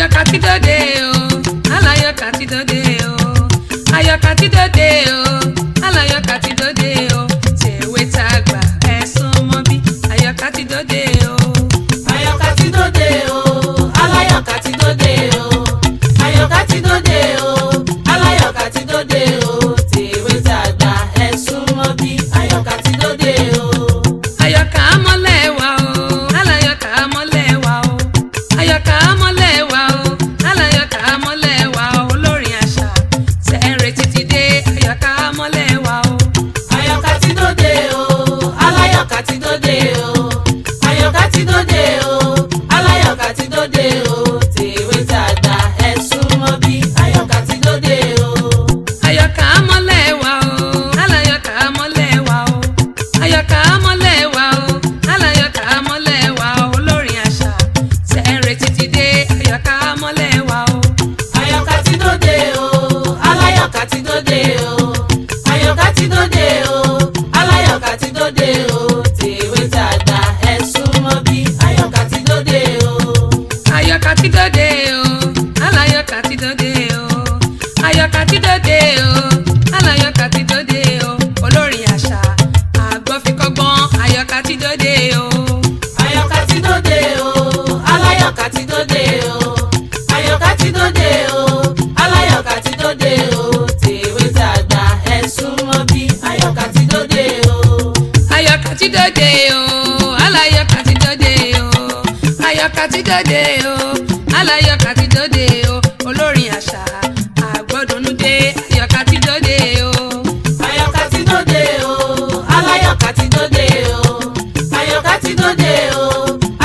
ayọ̀ká ti dòde o aláyọ̀ká ti dòde o ayọ̀ká ti dòde o aláyọ̀ká ti dòde o tèwe tàgbà ẹ̀ sún mọ́ bí ayọ̀ká o. ayọ̀ká ti dòde o aláyọ̀ká ti dòde o ayọ̀ká ti dòde o aláyọ̀ká ti dòde o tèwe tàgbà ẹ̀ sún mọ́ bí ayọ̀ká o. ayọ̀ká mọ́lẹ̀ wá o aláyọ̀ká mọ́lẹ̀ wá o ayọ̀ká mọ́lẹ̀. o aláyọ̀ kàti dòde o ayọ̀ kàti dòde o aláyọ̀ kàti dòde o olórin àṣà àgbọ̀dúnú dé ayọ̀ kàti dòde o. ayọ̀ kàti dòde o aláyọ̀ kàti o ayọ̀ kàti o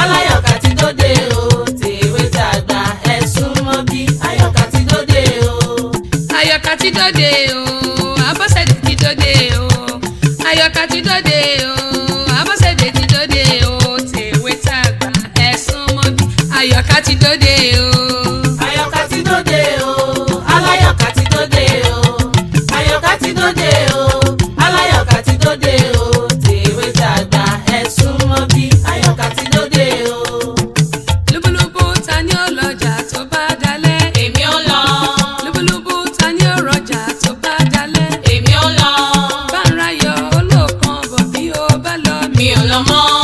aláyọ̀ kàti dòde o tèwé tàgbà o. ayọ̀ kàti o abọ́sẹ̀dẹ̀ ti dòde o ayọ̀ kàti dòde o. no